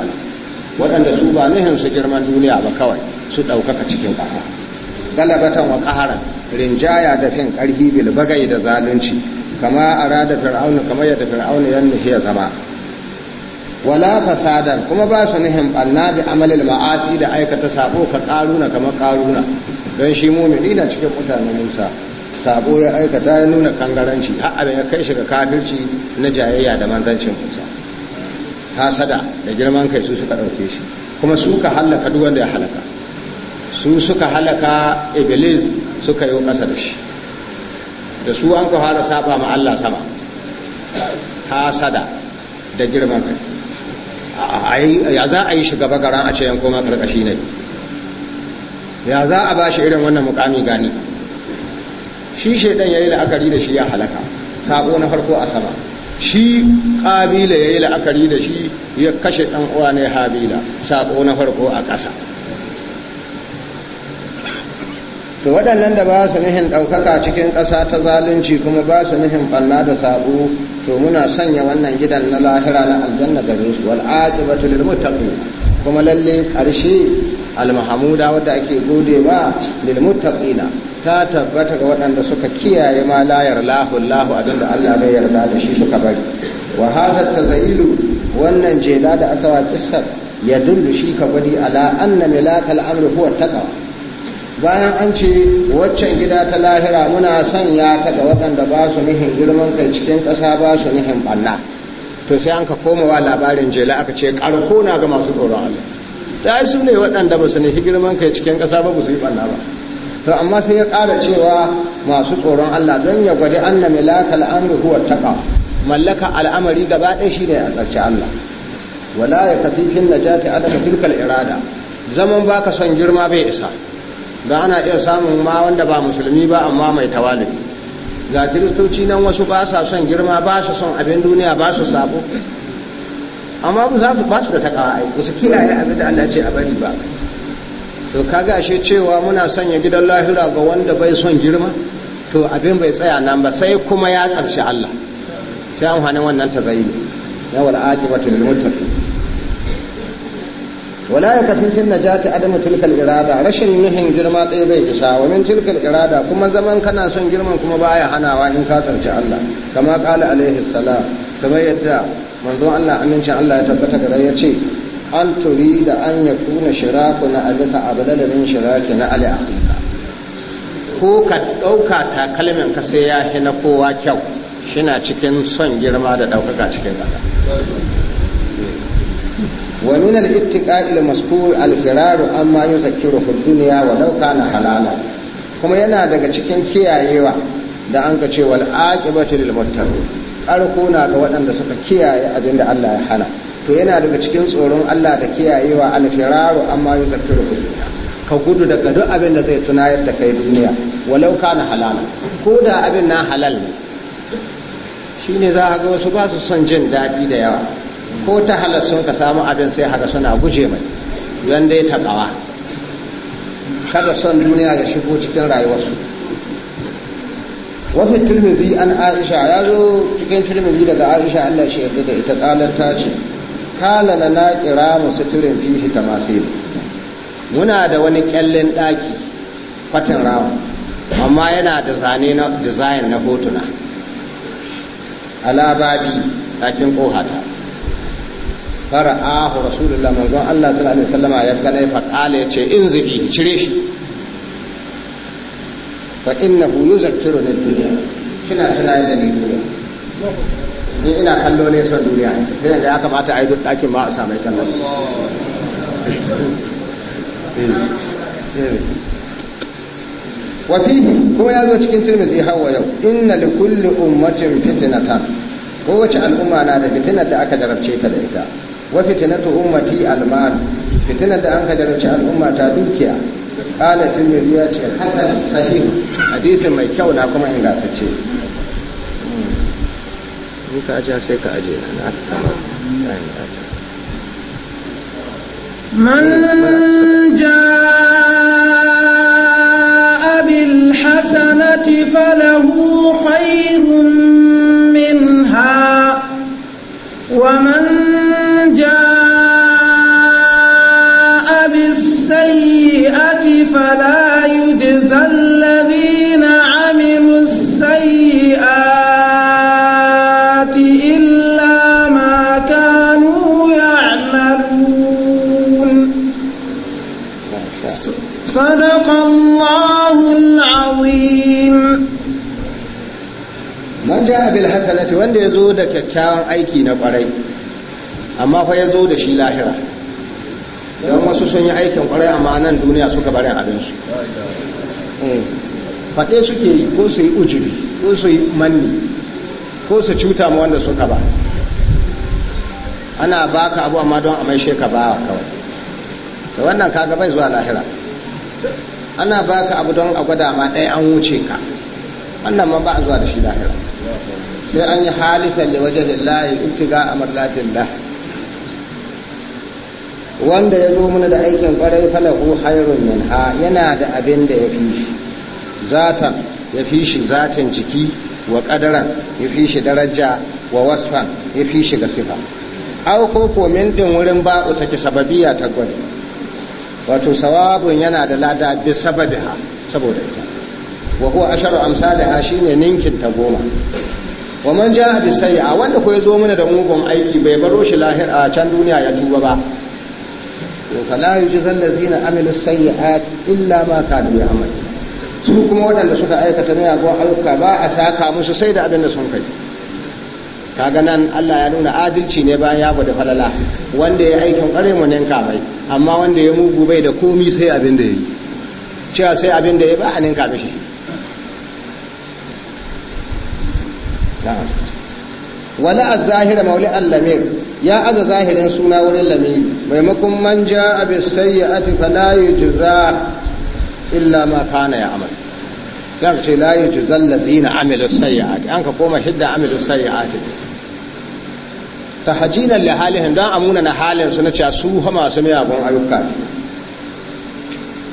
waɗanda su ba nihin su girman duniya ba kawai su ɗaukaka cikin ƙasa galabatan wa qaharan rinjaya da fin ƙarhi bil bagai da zalunci kama arada fir'aun kama yadda fir'aun ya nufi ya zama wala fasadan kuma ba su nihin banna bi amalil ma'asi da aikata sabo ka karuna kamar karuna don shi mu'mini na cikin mutanen Musa sabo ya aikata ya nuna kangaranci har abin ya kai shi ga kafirci na jayayya da manzancin musa hasada da girman kai su suka ɗauke shi kuma su ka halaka duk wanda ya halaka su suka halaka iblis suka yi ƙasa da shi da su an ka fara saba ma allah sama hasada da girman kai ya za a yi shi gaba garan a ce yan koma karkashi ne ya za a ba shi irin wannan mukami gani shi shaidan yi la'akari da shi ya halaka sabo na farko a sama shi kabila yi la'akari da shi ya kashe ɗan uwa ne habila sabo na farko a ƙasa to waɗannan da ba su nihin ɗaukaka cikin ƙasa ta zalunci kuma ba su nihin ɓanna da sabo to muna sanya wannan gidan na lahira na aljanna gare su wal lil muttaqin kuma lalle ƙarshe almahamuda wadda ake gode wa lilmuttaqina ta tabbata ga waɗanda suka kiyaye ma la yarlahu Allahu abinda Allah bai yarda da shi suka bari wa hadha tazailu wannan jela da aka wa kissar ya dullu shi ka gwadi ala anna milakal amri huwa taqwa bayan an ce waccan gida ta lahira muna son ya ga waɗanda ba su nihin girman kai cikin ƙasa ba su nihin ɓanna to sai an ka koma wa labarin jela aka ce ƙarko na ga masu tsoron Allah da su ne waɗanda ba su nufi girman kai cikin ƙasa ba ba su yi ɓanna ba to amma sai ya ƙara cewa masu tsoron Allah don ya gwada anna milaka al'amri huwa taqa mallaka al'amari gaba ɗaya ne a tsarci Allah wala ya kafi fin najati daga tilkal irada zaman baka son girma bai isa da ana iya samun ma wanda ba musulmi ba amma mai tawali ga kiristoci nan wasu ba sa son girma ba su son abin duniya ba su sabo amma ba za su ba su da takawa ai ba su kiyaye abin da Allah ce a bari ba to kaga ashe cewa muna sanya gidan lahira ga wanda bai son girma to abin bai tsaya nan ba sai kuma ya karshe Allah ta amfanin wannan tazayyuni na wal aqibatu lil muttaqin wala ya kafin ja najati adamu tilkal irada rashin nuhin girma ɗaya bai isa wa min tilkal irada kuma zaman kana son girman kuma baya hanawa in ka tsarci Allah kama kala alaihi salam kamar yadda manzon Allah amincin Allah ya tabbata gare ya ce an turi da an ya kuna shiraku na azaka a min shiraki na ali akhika ko ka ɗauka takalmin ka sai ya fi na kowa kyau shina cikin son girma da ɗaukaka cikin ƙasa wa min al-ittiqa'il maskur al-firaru amma yuzakkiru fi dunya wa law kana halala kuma yana daga cikin kiyayewa da an ka ce wal aqibatu lil muttaqin karko na ga waɗanda suka kiyaye abin da Allah ya hana to yana daga cikin tsoron Allah da kiyayewa alfiraru amma ya zafi duniya ka gudu daga duk abin da zai tuna yadda kai duniya walau kana halala ko da abin na halal ne shine za a ga wasu ba su son jin daɗi da yawa ko ta halar sun ka samu abin sai haka suna guje mai don dai ta kawa kada son duniya ya shigo cikin rayuwarsu wafi turmizi an aisha ya zo cikin turmizi daga aisha allah shi da ita kalar ta ce kala na na kira musu turin fifita ta masu muna da wani kyallin ɗaki fatin rawa amma yana da zane na dizayin na hotuna alababi ɗakin kohata fara'ahu rasulullah manzon allah sallallahu alaihi wasallama ya gane faƙala ya ce in ziri cire shi fa innahu yuzakkiru na duniya kina tunanin da ni duniya ni ina kallo ne son duniya sai da ya kamata a yi duk ɗakin ba a samai kallon wafihi kuma ya zo cikin tirmidhi hawa yau inna li kulli ummatin fitnatan kowace al'umma na da fitinar da aka jarabce ta da ita wa fitinatu ummati almal fitinar da an ka jarabce al'umma ta dukiya قال tirmidhi ya ce hasan sahih hadisi mai kyau na kuma ingantacce in ka aje sai ka aje na aka kama من جاء بالحسنة فله خير منها صدق الله العظيم man ja'a bil hasanati wanda yazo da kyakkyawan aiki na kwarai amma fa yazo da shi lahira don wasu sun yi aikin kwarai amma nan duniya suka bari abin su eh, fate suke yi ko su yi ujubi ko su yi manni ko su cuta ma wanda suka ba ana baka abu amma don amai sheka bawa kawai da wannan kaga bai zuwa lahira ana baka abu don a gwada ma ɗaya an wuce ka wannan ma ba a zuwa da shi lahira sai an yi halisa da wajen lillahi ibtiga a marlatin wanda ya zo mana da aikin kwarai falahu hairun min ha yana da abin da ya fi shi zatan ya fi shi zatin jiki wa kadaran ya fi shi daraja wa wasfan ya fi shi ga sifa aukoko min din wurin ba'u take sababiya ta gwada wato Sawabin yana da lada bi sababiha saboda ita wa huwa asharu amsalaha shine ninkin ta goma wa man jaa bi sayi'a wanda ko yazo mana da mugun aiki bai baro shi lahira a can duniya ya tuba ba to fala yujzal ladzina amilu sayi'at illa ma kanu ya'malu su kuma waɗanda suka aikata miyagun alka ba a saka musu sai da abin da sun kai kaga nan Allah ya nuna adalci ne bayan ya gwada falala wanda ya aikin kware mu ninka bai amma wanda ya mugu bai da komi sai abin da ya yi cewa sai abin da ya ba a ninka mishi wala az-zahira mawli al ya aza zahirin suna wurin lamiri maimakon man ja'a bi sayyi'ati fala yujza illa ma kana ya'mal za ka ce la yujza allazina amilu sayyati an ka koma hidda amilu sayyati tahajinan li halihin don amuna na halin su na cewa su ha masu miyagun ayyuka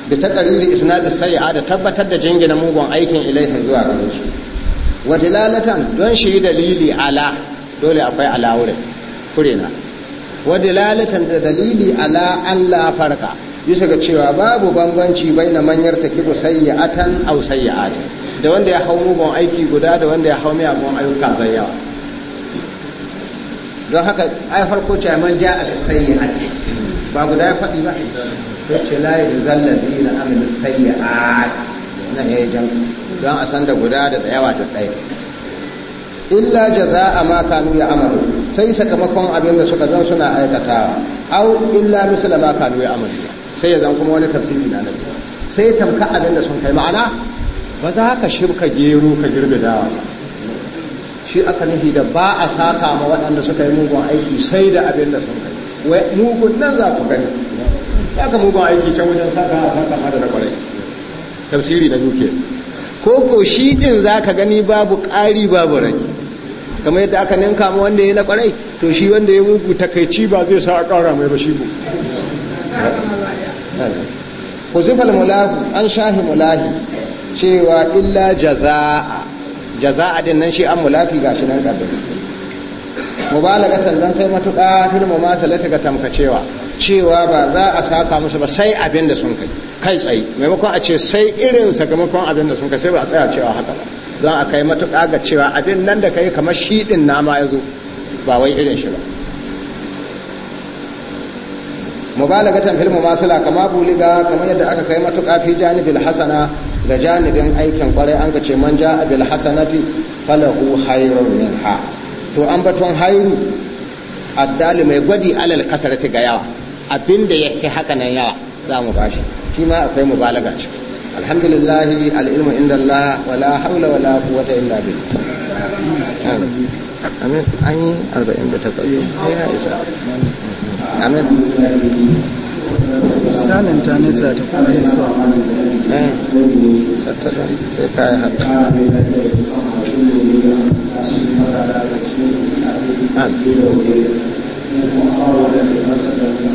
da ta ƙari da sai a da tabbatar da jingina mugun aikin ilaihin zuwa gare shi wa dilalatan don shi dalili ala dole akwai ala wurin na wa dilalatan da dalili ala Allah farka bisa ga cewa babu bambanci bai na manyar ta takibu atan au sayyatan da wanda ya hau mugun aiki guda da wanda ya hau miyagun ayyuka zai yawa don haka ai farko ce man ja a sayyi'at ba guda ya faɗi ba ce la yuzallabi na amin sayyi'at na ya jam don a san da guda da yawa ta ɗaya illa jaza'a ma kanu ya amalu sai sakamakon abin da suka zan suna aikatawa au illa misala ma kanu ya amalu sai ya zan kuma wani tafsiri na nan sai tamka abin da sun kai ma'ana ba za ka shirka gero ka girbe dawa ba shi aka nufi da ba a saka ma waɗanda suka yi mugun aiki sai da abin da sun kai mugun nan za ku gani ka mugun aiki can wajen saka a saka ma da kwarai tafsiri na duke ko ko shi din za ka gani babu ƙari babu rage kamar yadda aka ninka ma wanda ya na kwarai to shi wanda ya mugu takaici ba zai sa a ƙara mai ba shi bu huzifal mulahi an shahi mulahi cewa illa jaza'a a din nan shi an ga shi nan kabir mubalagatan dan kai matuƙa ma mumasalati ga tamkacewa cewa ba za a saka musu ba sai abin da sun kai kai tsaye maimakon a ce sai irin sakamakon abin da sun kai sai ba a tsaya cewa haka ba don a kai matuƙa ga cewa abin nan da kai kamar shi din nama ya zo ba wai irin shi ba mubalagatan ma sala kama buliga kamar yadda aka kai matuƙa fi janibil hasana ga janibin aikin kwarai an ka ce man ja'a bil hasanati falahu khairun minha to an baton hairu addali mai gwadi alal kasarati ga yawa abinda ya kai haka nan yawa za mu bashi shi ma akwai mubalaga ci alhamdulillah al'ilmu inda Allah wala haula wala quwwata illa billah amin an yi 48 ya isa amin sanin ta nisa ta kuma yi sattalin sai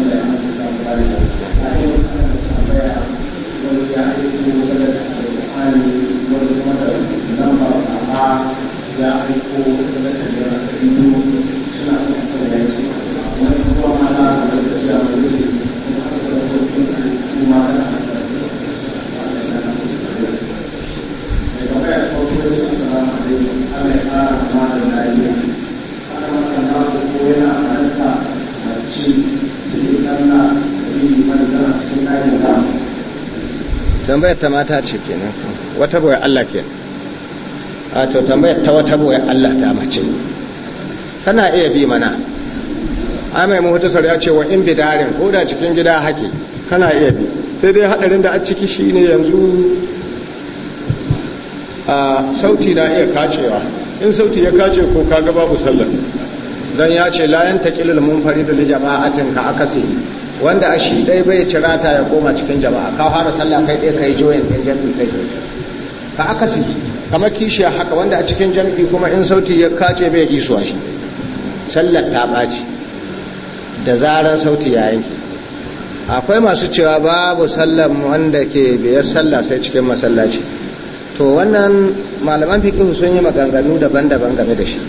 tambayar ta mata ce kenan wata boyar Allah ke a to tambayar ta wata boyar Allah ta mace kana iya bi mana a mai muhutasar ya ce wa in bidarin ko da cikin gida hake kana iya bi sai dai hadarin da a ciki shine yanzu a sauti na iya kacewa in sauti ya kace ko kaga babu sallar dan ya ce la yan taqilul munfarid li jama'atin ka akasi wanda a shi ɗai bai cira ta ya koma cikin jama'a ka fara sallah kai ɗaya kai joyin ɗin jami'i kai ka aka su kamar kishiya haka wanda a cikin jami'i kuma in sauti ya kace bai isuwa shi sallar ta ɓaci da zarar sauti ya yanke akwai masu cewa babu sallar wanda ke biyar sallah sai cikin masallaci to wannan malaman fiqh sun yi maganganu daban-daban game da shi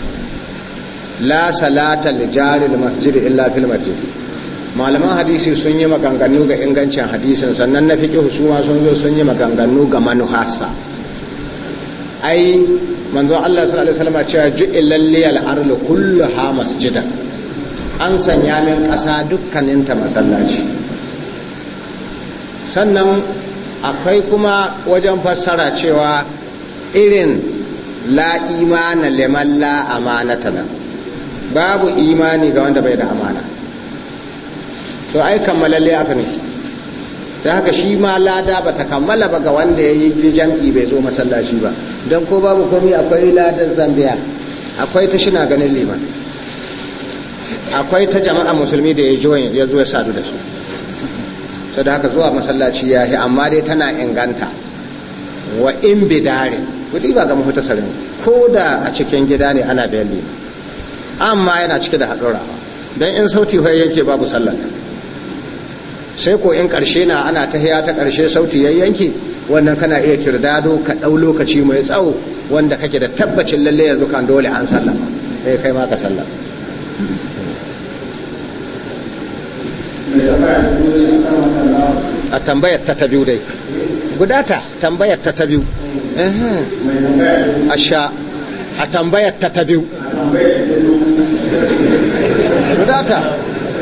la salata li masjid illa fil masjid malaman hadisi sun yi maganganu ga ingancin hadisin sannan na fiƙi husuma sun zo sun yi maganganu ga manuhasa ai manzon Allah sallallahu alaihi wasallam cewa ju'ilal liyal arlu kulluha masjidan an sanya min ƙasa dukkaninta masallaci sannan akwai kuma wajen fassara cewa irin la imana liman la babu imani ga wanda bai da amana to ai kammalalle aka ne da haka shi ma lada ba ta kammala ba ga wanda ya yi jam'i bai zo masallaci ba don ko babu komi akwai ladar zambiya akwai ta shina ganin liman akwai ta jama'a musulmi da ya join ya zo ya sadu da su sau da haka zuwa masallaci ya yi amma dai tana inganta wa in kuɗi kudi ba ga mafita sarin ko da a cikin gida ne ana bayan liman amma yana cike da haɗurawa don in sauti yanke babu sallar sai ko in karshe na ana ta haya ta karshe sauti yayyanki wannan kana iya kirdado ka ɗau lokaci mai tsawo wanda kake da tabbacin lalle yanzu kan dole an sallama eh kai ma ka sallama a tambayar ta ta biyu dai gudata tambayar ta ta biyu eh, asha. a tambayar ta ta biyu gudata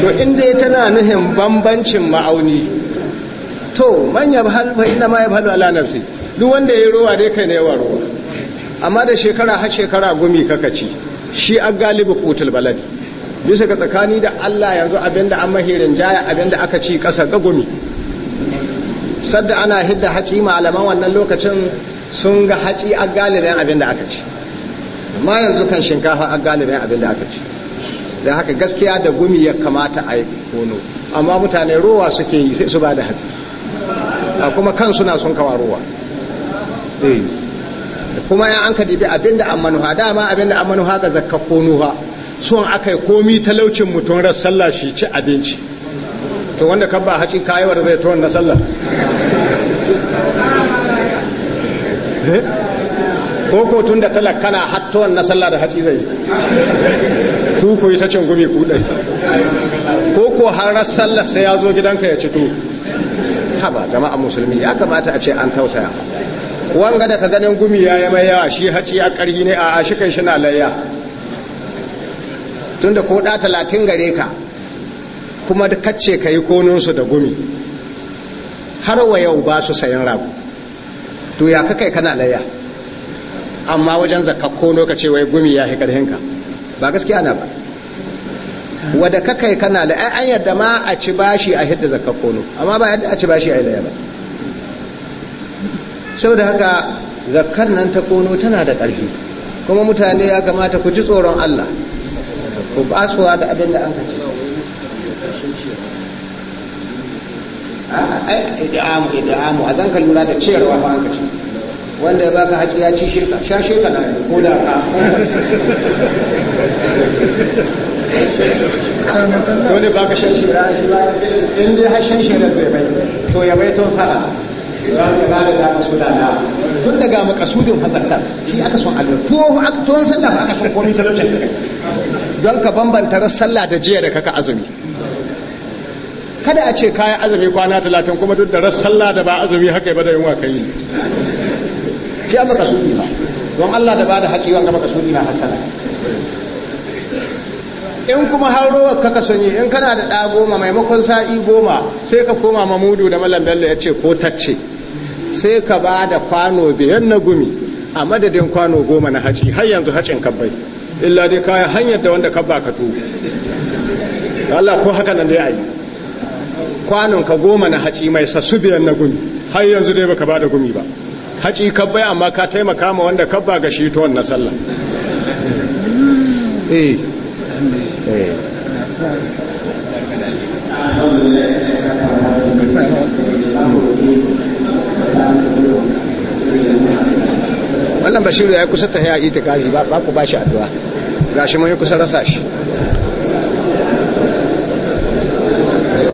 to inda ya tana nuhin bambancin ma'auni to man ya hal ma ya halba ala nafsi duk wanda ya yi ruwa dai kai ne wa ruwa amma da shekara har shekara gumi kaka ci shi a galibi kutul baladi bisa ga tsakani da Allah yanzu abinda an mahirin jaya abinda aka ci kasa ga gumi sadda ana hidda haci malaman wannan lokacin sun ga haci a galibin abin da aka ci amma yanzu kan shinkafa a galibin abin da aka ci da haka gaskiya da gumi ya kamata a yi kono amma mutane rowa suke yi sai su ba da hatsi kuma kan suna sun kawa rowa eh. kuma ya an ka dibi abinda an manuha dama abinda an manuha ga zakka konuha sun aka yi komi talaucin mutum ran sallah shi ci abinci to wanda kan ba haci kayi wanda zai tuwon na sallah eh? ko ko tun da talakana har tuwon na sallah da hatsi zai yi. ku ku yi ta cin gumi ku ko ko har sai ya zo gidanka ya ci to haba jama'a musulmi ya kamata a ce an tausaya wanga da ka ganin gumi ya yi mai yawa shi haci ya karhi ne a shi kai shi na layya tunda ko da talatin gare ka kuma da kacce ka yi konunsu da gumi har wa yau ba su sayan rago to ya kakai kana layya amma wajen zakakko lokaci wai gumi ya fi karhinka ba gaskiya na ba wadda ka kai kana da an yadda ma a ci bashi a hidda zakar kono amma ba yadda a ci bashi a ilayya ba saboda haka zakar nan ta kono tana da ƙarfi kuma mutane ya kamata ku ji tsoron Allah ku basuwa da abin da an ka ce a lura da ciyarwa ba an ka ce wanda ya baka haƙi ya ci shirka sha shirka na yau ko da ka to ne baka shan shirka in dai har shan shira zai bai to ya bai ton sa'a za su ba da dama su da na tun daga makasudin hazarta shi aka son allah to aka ton sallah ba aka son komi talaucin da don ka bambanta sallah da jiya da kaka azumi kada a ce kayan azumi kwana talatin kuma duk da sallah da ba azumi haka ba da yunwa ka yi shi an suɗi ba don Allah da ba da haƙi maka suɗi na hasana in kuma hauro ka kaka ne in kana da ɗa goma maimakon sa'i goma sai ka koma mamudu da malam bello ya ce ko tacce sai ka ba da kwano biyan na gumi a madadin kwano goma na haci har yanzu hacin kabbai illa dai kayan hanyar da wanda kabba ka tu Allah ko haka nan dai a yi kwanon ka goma na haci mai sassu biyan na gumi har yanzu dai baka ba da gumi ba haci kabbai amma ka taimaka ma wanda kabba ga shi ta wannan sallah eh. Eh. wannan bashiru ya kusa ta haya ita kari ba ku ba shi addu'a gashi mun kusa rasa shi